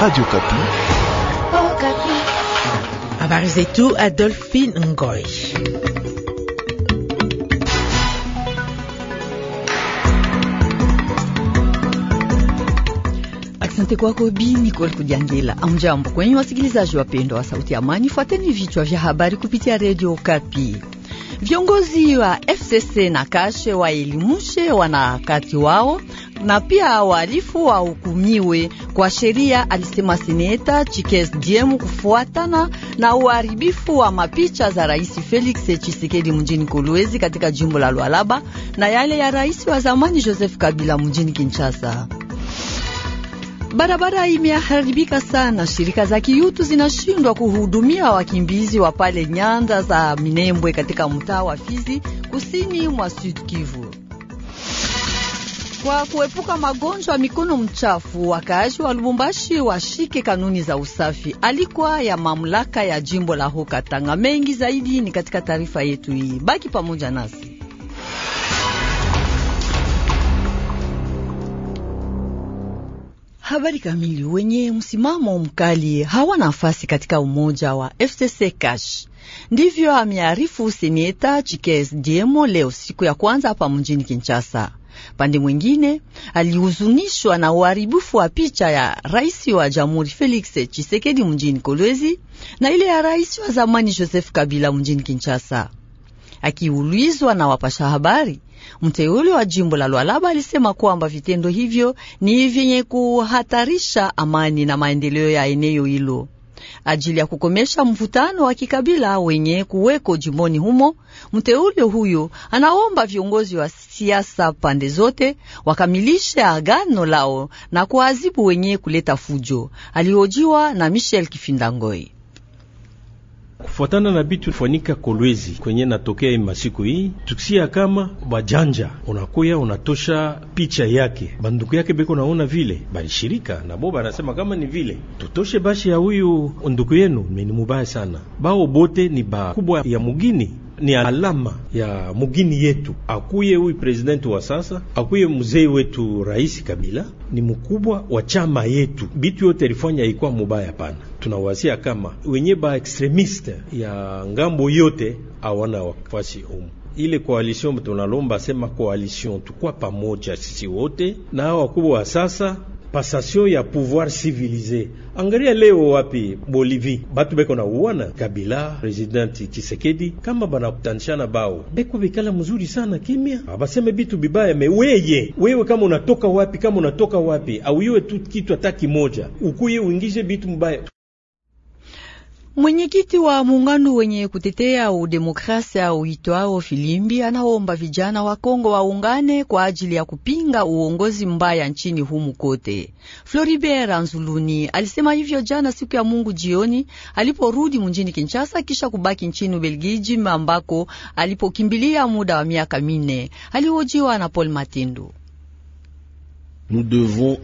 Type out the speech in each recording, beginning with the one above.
Radio Kapi. Oh, Kapi. Habari zetu Adolphine Ngoy. Asante kwako Bi Nicole Kujangila. Amjambo kwenye wasikilizaji wapendwa wa Sauti ya Amani, fuateni vichwa vya habari kupitia Radio Kapi. Viongozi wa FCC na kashe waelimushe wanaharakati wao na pia wahalifu wahukumiwe kwa sheria, alisema seneta Chikes Diemu, kufuatana na uharibifu wa mapicha za Rais Felix chisekedi mjini Kolwezi katika jimbo la Lualaba na yale ya rais wa zamani Joseph Kabila mjini Kinshasa. Barabara imeharibika sana. Shirika za kiutu zinashindwa kuhudumia wakimbizi wa pale nyanda za Minembwe katika mtaa wa Fizi kusini mwa Sud Kivu. Kwa kuepuka magonjwa mikono mchafu, wakaaji wa Lubumbashi washike kanuni za usafi, alikwa ya mamlaka ya jimbo la hokatanga Mengi zaidi ni katika taarifa yetu hii, baki pamoja nasi. Habari kamili. Wenye msimamo mkali hawana nafasi katika umoja wa FCC Cash, ndivyo amearifu seneta Chikes Diemo leo siku ya kwanza hapa mjini Kinshasa. Pande mwingine alihuzunishwa na uharibifu wa picha ya rais wa jamhuri Felix chisekedi mjini Kolwezi na ile ya rais wa zamani Joseph Kabila mjini Kinshasa. Akiulizwa na wapasha habari, Mteule wa jimbo la Lualaba alisema kwamba vitendo hivyo ni vyenye kuhatarisha amani na maendeleo ya eneo hilo. Ajili ya kukomesha mvutano wa kikabila wenye kuweko jimboni humo, mteule huyo anaomba viongozi wa siasa pande zote wakamilishe agano lao na kuadhibu wenye kuleta fujo. Alihojiwa na Michel Kifindangoi kufuatana na bitu fanika Kolwezi kwenye natokea masiku hii, tukia kama bajanja unakuya unatosha picha yake, banduku yake beko naona vile balishirika na bo banasema kama ni vile tutoshe bashi ya huyu nduku yenu, ni mubaya sana. Bao bote ni bakubwa ya mugini ni alama ya mugini yetu. Akuye huyu presidenti wa sasa, akuye mzee wetu Rais Kabila, ni mkubwa wa chama yetu. Bitu yote ilifanya ilikuwa mubaya pana. Tunawasia kama wenye ba ekstremiste ya ngambo yote awana wafasi umu ile koalisyon, tunalomba sema koalisyon, tukwa pamoja sisi wote na hao wakubwa wa sasa passation ya pouvoir civilisé. Angalia leo wapi Bolivie batu beko na uwana Kabila Presidenti Chisekedi kama kutanishana bao beko bikala mzuri sana kimya, abaseme bitu bibaya. Meweye wewe kama unatoka wapi? Kama unatoka wapi? Auiwe tu kitu hata kimoja, ukuye uingize bitu mbaya. Mwenyekiti wa muungano wenye kutetea udemokrasia uitwao Filimbi anaomba vijana wa Kongo waungane kwa ajili ya kupinga uongozi mbaya nchini humu kote. Floribert Anzuluni alisema hivyo jana siku ya Mungu jioni aliporudi mjini Kinshasa kisha kubaki nchini Ubelgiji ambako alipokimbilia muda wa miaka minne. Alihojiwa na Paul Matindu. Nous devons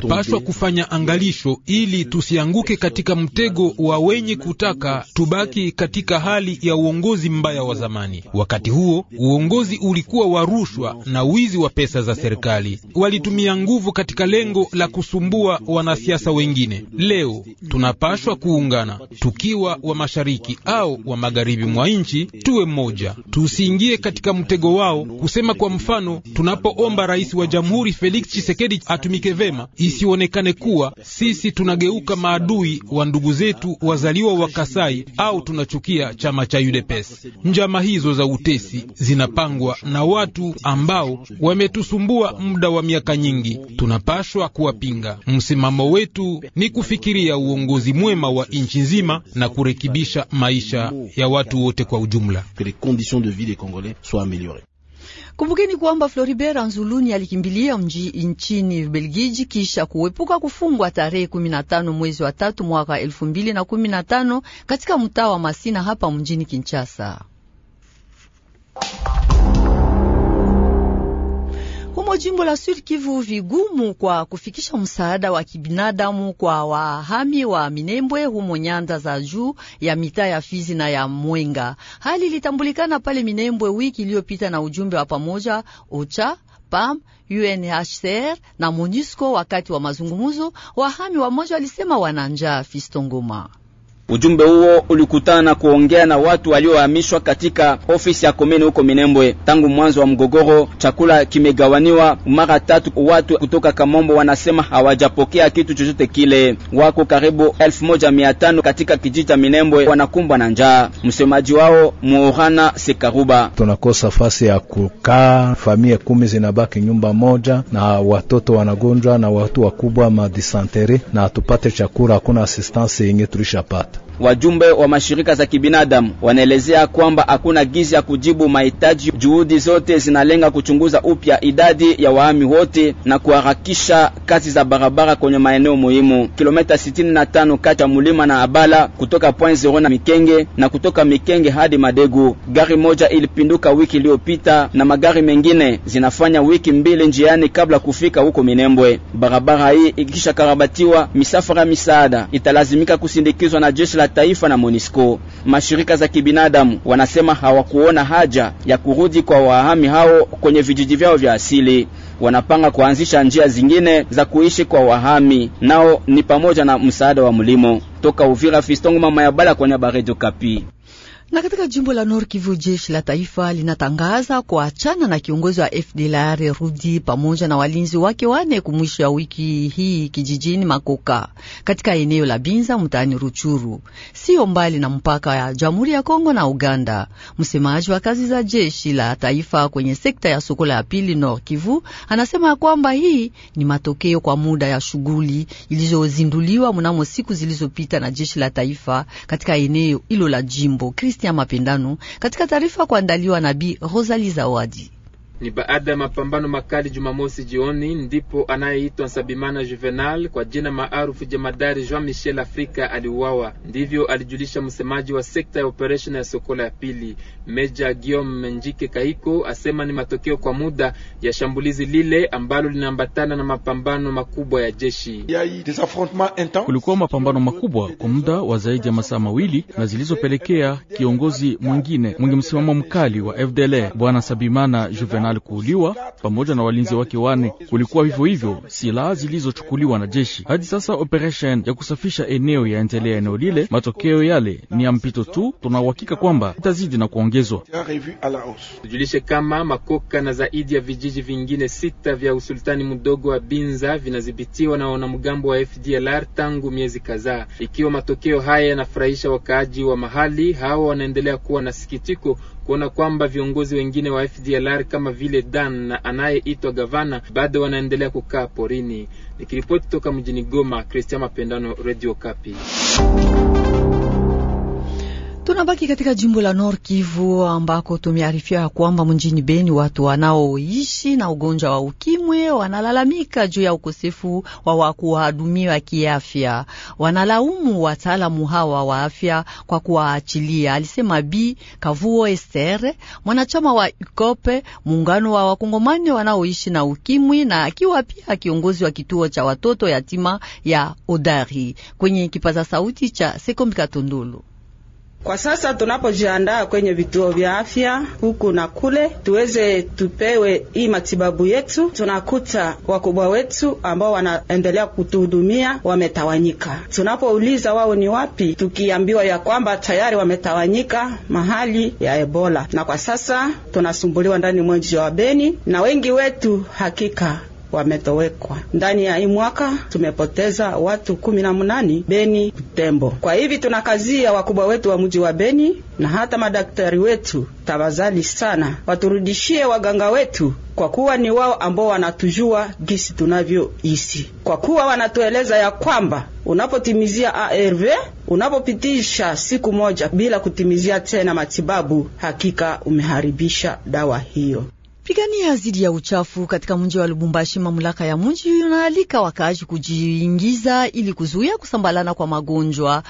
tunapaswa kufanya angalisho ili tusianguke katika mtego wa wenye kutaka tubaki katika hali ya uongozi mbaya wa zamani. Wakati huo uongozi ulikuwa wa rushwa na wizi wa pesa za serikali, walitumia nguvu katika lengo la kusumbua wanasiasa wengine. Leo tunapaswa kuungana, tukiwa wa mashariki au wa magharibi mwa nchi, tuwe mmoja, tusiingie katika mtego wao, kusema kwa mfano, tunapoomba rais wa jamhuri Felix Tshisekedi Tshisekedi atumike vema, isionekane kuwa sisi tunageuka maadui wa ndugu zetu wazaliwa wa Kasai au tunachukia chama cha UDPS. Njama hizo za utesi zinapangwa na watu ambao wametusumbua muda wa miaka nyingi, tunapashwa kuwapinga. Msimamo wetu ni kufikiria uongozi mwema wa nchi nzima na kurekebisha maisha ya watu wote kwa ujumla. Kumbukeni kwamba Floribert Anzuluni alikimbilia mji nchini Belgiji kisha kuepuka kufungwa tarehe 15 mwezi wa tatu mwaka 2015 katika mtaa wa Masina hapa mjini Kinshasa. jimbo la Sud Kivu vigumu kwa kufikisha msaada wa kibinadamu kwa wahami wa Minembwe humo nyanda za juu ya mitaa ya Fizi na ya Mwenga. Hali ilitambulikana pale Minembwe wiki iliyopita na ujumbe wa pamoja OCHA PAM, UNHCR na MONUSCO wakati wa mazungumzo, wahami wamoja walisema wana njaa. fistongoma Ngoma Ujumbe huo ulikutana na kuongea na watu waliohamishwa katika ofisi ya komini huko Minembwe. Tangu mwanzo wa mgogoro, chakula kimegawaniwa mara tatu. Watu kutoka Kamombo wanasema hawajapokea kitu chochote kile. Wako karibu elfu moja mia tano katika kijiji cha Minembwe wanakumbwa na njaa. Msemaji wao Muorana Sekaruba: tunakosa fasi ya kukaa, familia kumi zinabaki nyumba moja, na watoto wanagonjwa na watu wakubwa madisanteri, na tupate chakula, hakuna asistansi yenye tulishapata Wajumbe wa mashirika za kibinadamu wanaelezea kwamba hakuna gizi ya kujibu mahitaji. Juhudi zote zinalenga kuchunguza upya idadi ya waami wote na kuharakisha kazi za barabara kwenye maeneo muhimu. Kilomita 65 kati ya Mulima na Abala, kutoka Point Zero na Mikenge na kutoka Mikenge hadi Madegu. Gari moja ilipinduka wiki iliyopita na magari mengine zinafanya wiki mbili njiani kabla kufika huko Minembwe. Barabara hii ikishakarabatiwa, misafara misaada italazimika kusindikizwa na jeshi jeshi la taifa na MONUSCO. Mashirika za kibinadamu wanasema hawakuona haja ya kurudi kwa wahami hao kwenye vijiji vyao vya asili. Wanapanga kuanzisha njia zingine za kuishi kwa wahami, nao ni pamoja na msaada wa mlimo. Toka Uvira, Fistongo mama ya Bala kwenye Baredo Kapi. Na katika jimbo la Nord Kivu, jeshi la taifa linatangaza kuachana na kiongozi wa FDLR Rudi pamoja na walinzi wake wane kumwisho ya wiki hii kijijini Makoka katika eneo la Binza mtaani Ruchuru, sio mbali na mpaka ya Jamhuri ya Kongo na Uganda. Msemaji wa kazi za jeshi la taifa kwenye sekta ya Sokola ya pili Nord Kivu anasema kwamba hii ni matokeo kwa muda ya shughuli ilizozinduliwa mnamo siku zilizopita na jeshi la taifa katika eneo hilo la jimbo Chris ya mapindano katika taarifa kuandaliwa na Bi Rosalie Zawadi. Ni baada ya mapambano makali Jumamosi jioni ndipo anayeitwa Nsabimana Juvenal kwa jina maarufu jemadari Jean Michel Afrika aliuawa. Ndivyo alijulisha msemaji wa sekta ya operation ya Sokola ya pili, Meja Guillaume Njike Kahiko, asema ni matokeo kwa muda ya shambulizi lile ambalo linaambatana na mapambano makubwa ya jeshi. Kulikuwa mapambano makubwa kwa muda wa zaidi ya masaa mawili na zilizopelekea kiongozi mwingine mwenye msimamo mkali wa FDLR Bwana Sabimana Juvenal na alikuuliwa pamoja na walinzi wake wane. Kulikuwa vivyo hivyo silaha zilizochukuliwa na jeshi. Hadi sasa operation ya kusafisha eneo yaendelea eneo lile. Matokeo yale ni ya mpito tu, tunauhakika kwamba itazidi na kuongezwa. Tujulishe kama Makoka na zaidi ya vijiji vingine sita vya usultani mdogo wa Binza vinadhibitiwa na wanamgambo wa FDLR tangu miezi kadhaa. Ikiwa matokeo haya yanafurahisha wakaaji wa mahali, hawa wanaendelea kuwa na sikitiko kuona kwamba viongozi wengine wa FDLR kama vile Dan anayeitwa gavana bado wanaendelea kukaa porini. Nikiripoti toka mjini Goma, Christian Mapendano, Radio Kapi. Tunabaki katika jimbo la Nord Kivu ambako tumearifiwa ya kwamba mjini Beni watu wanaoishi na ugonjwa wa ukimwi wanalalamika juu ya ukosefu wa kuwahudumiwa kiafya. Wanalaumu wataalamu hawa wa afya kwa kuwaachilia, alisema Bi Kavuo Ester, mwanachama wa UKOPE, muungano wa wakongomani wanaoishi na ukimwi, na akiwa pia kiongozi wa kituo cha watoto yatima ya Odari, kwenye kipaza sauti cha Sekombi Katundulu. Kwa sasa tunapojiandaa kwenye vituo vya afya huku na kule, tuweze tupewe hii matibabu yetu, tunakuta wakubwa wetu ambao wanaendelea kutuhudumia wametawanyika. Tunapouliza wao ni wapi, tukiambiwa ya kwamba tayari wametawanyika mahali ya Ebola, na kwa sasa tunasumbuliwa ndani mwenji wa Beni na wengi wetu hakika wametowekwa. Ndani ya hii mwaka tumepoteza watu kumi na mnani Beni Butembo. Kwa hivi tunakazia wakubwa wetu wa mji wa Beni na hata madaktari wetu, tafadhali sana waturudishie waganga wetu, kwa kuwa ni wao ambao wanatujua gisi tunavyoisi kwa kuwa wanatueleza ya kwamba unapotimizia ARV unapopitisha siku moja bila kutimizia tena matibabu, hakika umeharibisha dawa hiyo pigania zidi ya uchafu katika mji wa Lubumbashi. Mamlaka ya mji unaalika wakaaji kujiingiza ili kuzuia kusambalana kwa magonjwa.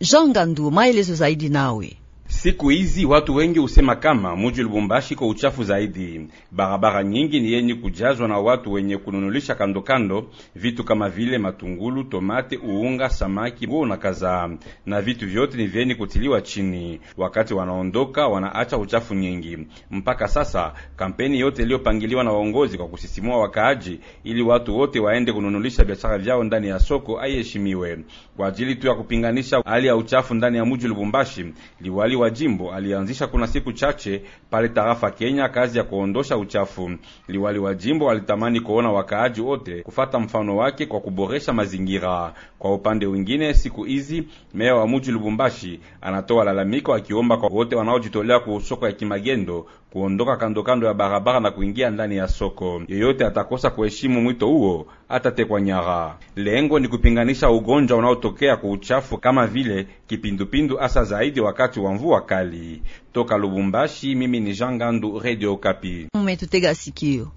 Jean Gandu, maelezo zaidi nawe Siku hizi watu wengi husema kama muji Lubumbashi kwa uchafu zaidi. Barabara nyingi ni yenye kujazwa na watu wenye kununulisha kandokando vitu kama vile matungulu, tomate, uunga, samaki, nguo na kadhaa, na vitu vyote ni vyenye kutiliwa chini. Wakati wanaondoka, wanaacha uchafu nyingi. Mpaka sasa kampeni yote iliyopangiliwa na waongozi kwa kusisimua wakaaji ili watu wote waende kununulisha biashara vyao ndani ya soko aiheshimiwe kwa ajili tu ya kupinganisha hali ya uchafu ndani ya muji Lubumbashi. Liwali wa jimbo alianzisha kuna siku chache pale tarafa Kenya kazi ya kuondosha uchafu. Liwali wa jimbo alitamani kuona wakaaji wote kufata mfano wake kwa kuboresha mazingira. Kwa upande wengine, siku hizi meya wa muji Lubumbashi anatoa lalamiko akiomba kwa wote wanaojitolea kuhusu ya kimagendo kuondoka kando kando ya barabara na kuingia ndani ya soko. Yeyote atakosa kuheshimu mwito huo atatekwa nyara. Lengo ni kupinganisha ugonjwa unaotokea kwa uchafu kama vile kipindupindu, hasa zaidi wakati wa mvua kali. Toka Lubumbashi, mimi ni Jean Gandu, Radio Kapi. Umetutega sikio.